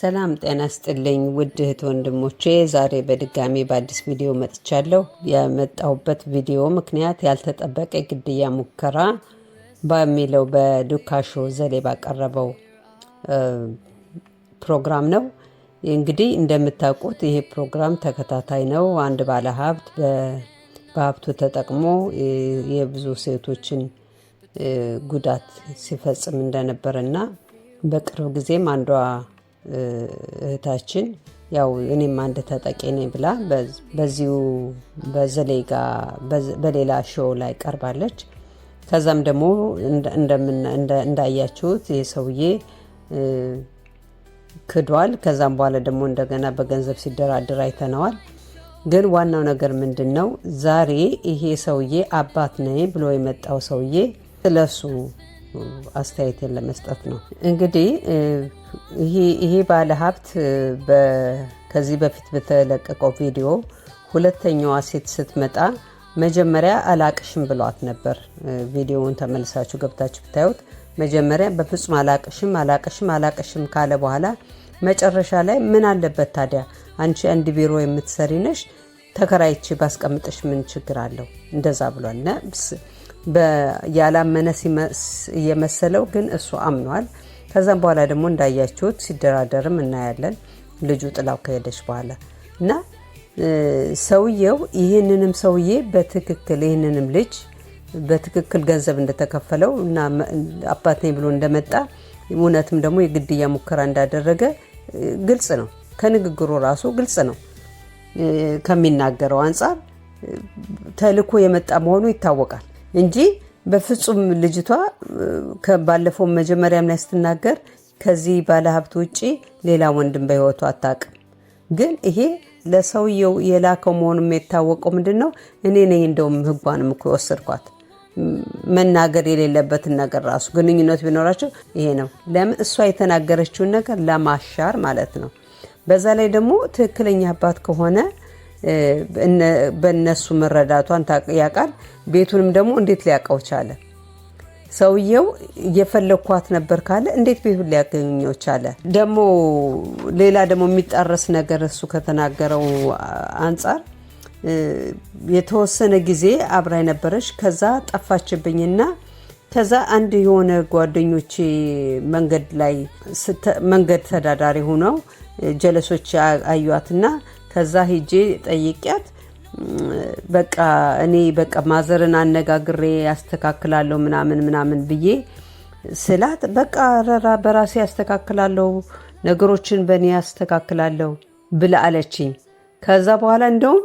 ሰላም ጤና ስጥልኝ ውድ እህት ወንድሞቼ፣ ዛሬ በድጋሚ በአዲስ ቪዲዮ መጥቻለሁ። የመጣሁበት ቪዲዮ ምክንያት ያልተጠበቀ ግድያ ሙከራ በሚለው በዱካሾ ዘሌ ባቀረበው ፕሮግራም ነው። እንግዲህ እንደምታውቁት ይሄ ፕሮግራም ተከታታይ ነው። አንድ ባለሀብት በሀብቱ ተጠቅሞ የብዙ ሴቶችን ጉዳት ሲፈጽም እንደነበረ እና በቅርብ ጊዜም አንዷ እህታችን ያው እኔም አንድ ተጠቂ ነኝ ብላ በዚሁ በዘሌጋ በሌላ ሾው ላይ ቀርባለች። ከዛም ደግሞ እንዳያችሁት ይህ ሰውዬ ክዷል። ከዛም በኋላ ደግሞ እንደገና በገንዘብ ሲደራደር አይተነዋል። ግን ዋናው ነገር ምንድን ነው? ዛሬ ይሄ ሰውዬ አባት ነኝ ብሎ የመጣው ሰውዬ ስለሱ አስተያየትን ለመስጠት ነው። እንግዲህ ይሄ ባለ ሀብት ከዚህ በፊት በተለቀቀው ቪዲዮ ሁለተኛዋ ሴት ስትመጣ መጀመሪያ አላቅሽም ብሏት ነበር። ቪዲዮውን ተመልሳችሁ ገብታችሁ ብታዩት መጀመሪያ በፍጹም አላቅሽም አላቅሽም አላቅሽም ካለ በኋላ መጨረሻ ላይ ምን አለበት ታዲያ አንቺ አንድ ቢሮ የምትሰሪ ነሽ፣ ተከራይቼ ባስቀምጥሽ ምን ችግር አለው? እንደዛ ብሏል። ያላመነ የመሰለው ግን እሱ አምኗል። ከዛም በኋላ ደግሞ እንዳያችሁት ሲደራደርም እናያለን። ልጁ ጥላው ከሄደች በኋላ እና ሰውየው ይህንንም ሰውዬ በትክክል ይህንንም ልጅ በትክክል ገንዘብ እንደተከፈለው እና አባት ነኝ ብሎ እንደመጣ እውነትም ደግሞ የግድያ ሙከራ እንዳደረገ ግልጽ ነው። ከንግግሩ ራሱ ግልጽ ነው። ከሚናገረው አንጻር ተልኮ የመጣ መሆኑ ይታወቃል። እንጂ በፍጹም ልጅቷ ባለፈው መጀመሪያም ላይ ስትናገር ከዚህ ባለሀብት ውጪ ሌላ ወንድም በህይወቱ አታውቅም። ግን ይሄ ለሰውየው የላከው መሆኑ የታወቀው ምንድን ነው? እኔ ነኝ እንደውም ህጓንም እኮ የወሰድኳት መናገር የሌለበትን ነገር ራሱ ግንኙነት ቢኖራቸው ይሄ ነው። ለምን እሷ የተናገረችውን ነገር ለማሻር ማለት ነው። በዛ ላይ ደግሞ ትክክለኛ አባት ከሆነ በእነሱ መረዳቷን ያውቃል። ቤቱንም ደግሞ እንዴት ሊያውቀው ቻለ? ሰውየው እየፈለግኳት ነበር ካለ እንዴት ቤቱን ሊያገኘው ቻለ? ደግሞ ሌላ ደግሞ የሚጣረስ ነገር እሱ ከተናገረው አንጻር የተወሰነ ጊዜ አብራ ነበረች፣ ከዛ ጠፋችብኝና ከዛ አንድ የሆነ ጓደኞቼ መንገድ ላይ መንገድ ተዳዳሪ ሆነው ጀለሶች አዩዋትና ከዛ ሄጄ ጠይቂያት በቃ እኔ በቃ ማዘርን አነጋግሬ ያስተካክላለሁ ምናምን ምናምን ብዬ ስላት በቃ ረራ በራሴ ያስተካክላለሁ ነገሮችን በእኔ ያስተካክላለሁ ብለ አለችኝ። ከዛ በኋላ እንደውም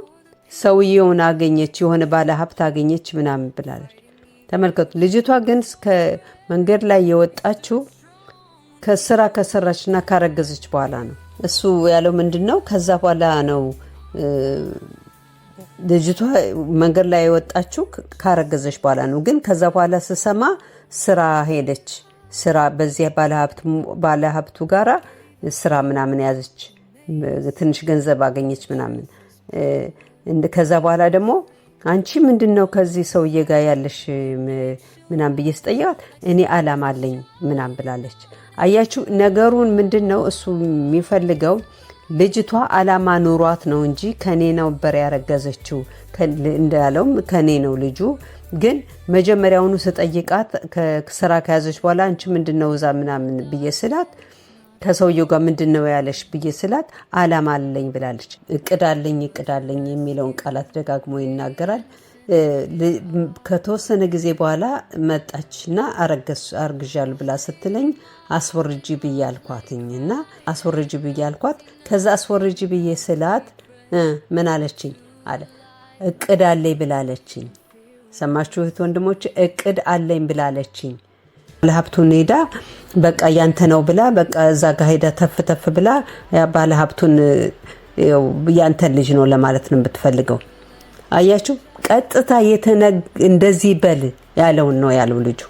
ሰውየውን አገኘች፣ የሆነ ባለ ሀብት አገኘች ምናምን ብላለች። ተመልከቱ። ልጅቷ ግን መንገድ ላይ የወጣችው ከስራ ከሰራችና ካረገዘች በኋላ ነው። እሱ ያለው ምንድን ነው? ከዛ በኋላ ነው ልጅቷ መንገድ ላይ የወጣችው ካረገዘች በኋላ ነው። ግን ከዛ በኋላ ስሰማ ስራ ሄደች። ስራ በዚህ ባለሀብቱ ጋራ ስራ ምናምን ያዘች፣ ትንሽ ገንዘብ አገኘች ምናምን። ከዛ በኋላ ደግሞ አንቺ ምንድን ነው ከዚህ ሰውዬ ጋር ያለሽ ምናም ብዬ ስጠይቃት እኔ አላማ አለኝ ምናም ብላለች። አያችሁ ነገሩን ምንድን ነው እሱ የሚፈልገው ልጅቷ አላማ ኑሯት ነው እንጂ ከኔ ነበር ያረገዘችው እንዳለውም ከኔ ነው ልጁ። ግን መጀመሪያውኑ ስጠይቃት ስራ ከያዘች በኋላ አንቺ ምንድን ነው እዛ ምናምን ብዬ ስላት ከሰውየው ጋር ምንድን ነው ያለሽ ብዬ ስላት አላማ አለኝ ብላለች። እቅድ አለኝ እቅድ አለኝ የሚለውን ቃላት ደጋግሞ ይናገራል። ከተወሰነ ጊዜ በኋላ መጣችና አርግዣል ብላ ስትለኝ አስወርጂ ብዬ አልኳትኝ እና አስወርጂ ብዬ አልኳት። ከዛ አስወርጂ ብዬ ስላት ምን አለችኝ አለ እቅድ አለኝ ብላለችኝ። ሰማችሁት ወንድሞች፣ እቅድ አለኝ ብላለችኝ። ባለሀብቱን ሄዳ በቃ ያንተ ነው ብላ በቃ እዛ ጋ ሄዳ ተፍ ተፍ ብላ ባለሀብቱን ያንተ ልጅ ነው ለማለት ነው የምትፈልገው። አያችሁ፣ ቀጥታ እንደዚህ በል ያለውን ነው ያለው ልጁ።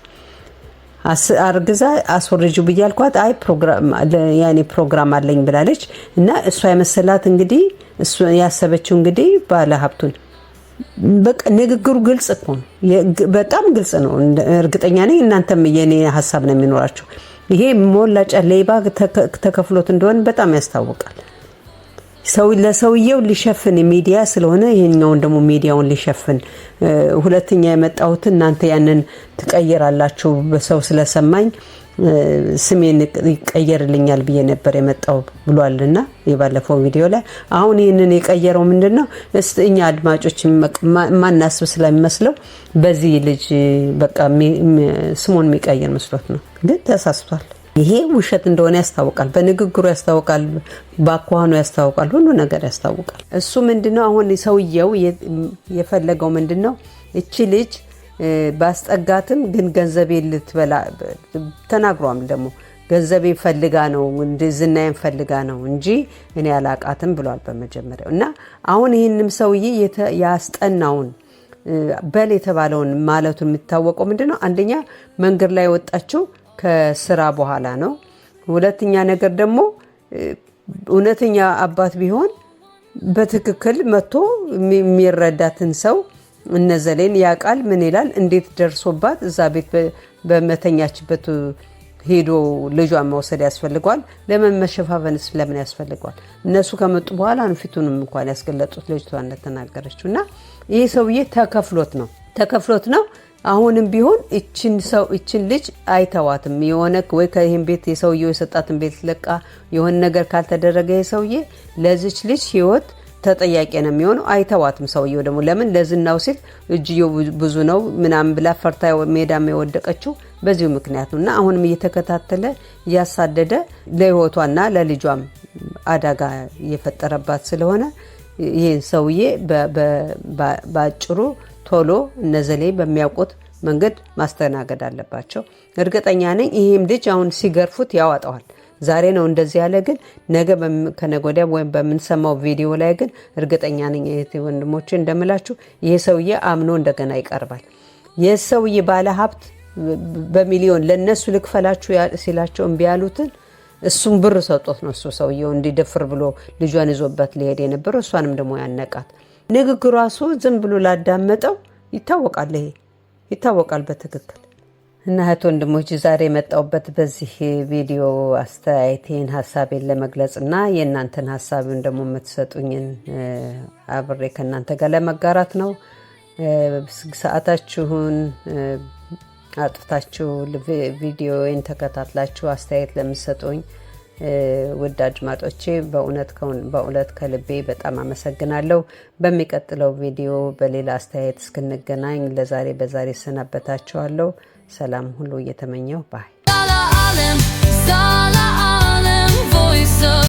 አርግዛ አስወርጁ ብያልኳት፣ አይ ፕሮግራም አለኝ ብላለች። እና እሷ የመሰላት እንግዲህ ያሰበችው እንግዲህ ባለ ሀብቱን በቃ ንግግሩ ግልጽ እኮ ነው። በጣም ግልጽ ነው። እርግጠኛ ነኝ እናንተም የኔ ሀሳብ ነው የሚኖራቸው። ይሄ ሞላጫ ሌባ ተከፍሎት እንደሆነ በጣም ያስታውቃል። ሰው ለሰውየው ሊሸፍን ሚዲያ ስለሆነ ይሄኛውን ደግሞ ሚዲያውን ሊሸፍን ሁለተኛ የመጣሁት እናንተ ያንን ትቀይራላችሁ በሰው ስለሰማኝ ስሜን ይቀየርልኛል ብዬ ነበር የመጣው ብሏልና የባለፈው ቪዲዮ ላይ አሁን ይህንን የቀየረው ምንድን ነው? እስቲ እኛ አድማጮች ማናስብ ስለሚመስለው በዚህ ልጅ በቃ ስሙን የሚቀይር መስሎት ነው፣ ግን ተሳስቷል። ይሄ ውሸት እንደሆነ ያስታውቃል። በንግግሩ ያስታውቃል፣ በአኳኑ ያስታውቃል፣ ሁሉ ነገር ያስታውቃል። እሱ ምንድነው አሁን ሰውየው የፈለገው ምንድን ነው? እቺ ልጅ ባስጠጋትም ግን ገንዘቤ ልትበላ ተናግሯም ደግሞ ገንዘቤ ፈልጋ ነው ዝናዬን ፈልጋ ነው እንጂ እኔ አላቃትም ብሏል በመጀመሪያው እና አሁን ይህንም ሰውዬ ያስጠናውን በል የተባለውን ማለቱን የሚታወቀው ምንድነው አንደኛ መንገድ ላይ ወጣችው ከስራ በኋላ ነው። ሁለተኛ ነገር ደግሞ እውነተኛ አባት ቢሆን በትክክል መጥቶ የሚረዳትን ሰው እነዘሌን ያውቃል። ምን ይላል፣ እንዴት ደርሶባት እዛ ቤት በመተኛችበት ሄዶ ልጇን መውሰድ ያስፈልገዋል። ለመመሸፋፈንስ ለምን ያስፈልገዋል? እነሱ ከመጡ በኋላ ነው ፊቱንም እንኳን ያስገለጡት ልጅቷ እንደተናገረችው እና ይህ ሰውዬ ተከፍሎት ነው ተከፍሎት ነው አሁንም ቢሆን እችን ሰው እችን ልጅ አይተዋትም። የሆነ ወይ ከይህን ቤት የሰውየው የሰጣትን ቤት ለቃ የሆነ ነገር ካልተደረገ የሰውዬ ለዚች ልጅ ህይወት ተጠያቂ ነው የሚሆነው። አይተዋትም። ሰውየው ደግሞ ለምን ለዝናው ሲል እጅየው ብዙ ነው ምናምን ብላ ፈርታ ሜዳም የወደቀችው በዚሁ ምክንያት ነው እና አሁንም እየተከታተለ እያሳደደ ለህይወቷና ለልጇም አደጋ እየፈጠረባት ስለሆነ ይህን ሰውዬ በአጭሩ ቶሎ እነዘሌ በሚያውቁት መንገድ ማስተናገድ አለባቸው። እርግጠኛ ነኝ ይህም ልጅ አሁን ሲገርፉት ያዋጠዋል። ዛሬ ነው እንደዚህ ያለ፣ ግን ነገ ከነገ ወዲያ ወይም በምንሰማው ቪዲዮ ላይ ግን እርግጠኛ ነኝ ወንድሞች እንደምላችሁ ይህ ሰውዬ አምኖ እንደገና ይቀርባል። ሰውዬ ባለ ሀብት በሚሊዮን ለእነሱ ልክፈላችሁ ሲላቸው እምቢ ያሉትን እሱም ብር ሰጦት ነው እሱ ሰውየው እንዲደፍር ብሎ ልጇን ይዞበት ሊሄድ የነበረው እሷንም ደግሞ ያነቃት ንግግሩ ራሱ ዝም ብሎ ላዳመጠው ይታወቃል። ይሄ ይታወቃል በትክክል እና እህት ወንድሞች ዛሬ የመጣውበት በዚህ ቪዲዮ አስተያየቴን ሀሳቤን ለመግለጽ እና የእናንተን ሀሳብን ደግሞ የምትሰጡኝን አብሬ ከእናንተ ጋር ለመጋራት ነው። ሰዓታችሁን አጥፍታችሁ ቪዲዮን ተከታትላችሁ አስተያየት ለምትሰጡኝ ውድ አድማጮቼ በእውነት ከልቤ በጣም አመሰግናለሁ። በሚቀጥለው ቪዲዮ በሌላ አስተያየት እስክንገናኝ ለዛሬ በዛሬ እሰናበታችኋለሁ። ሰላም ሁሉ እየተመኘው ባይ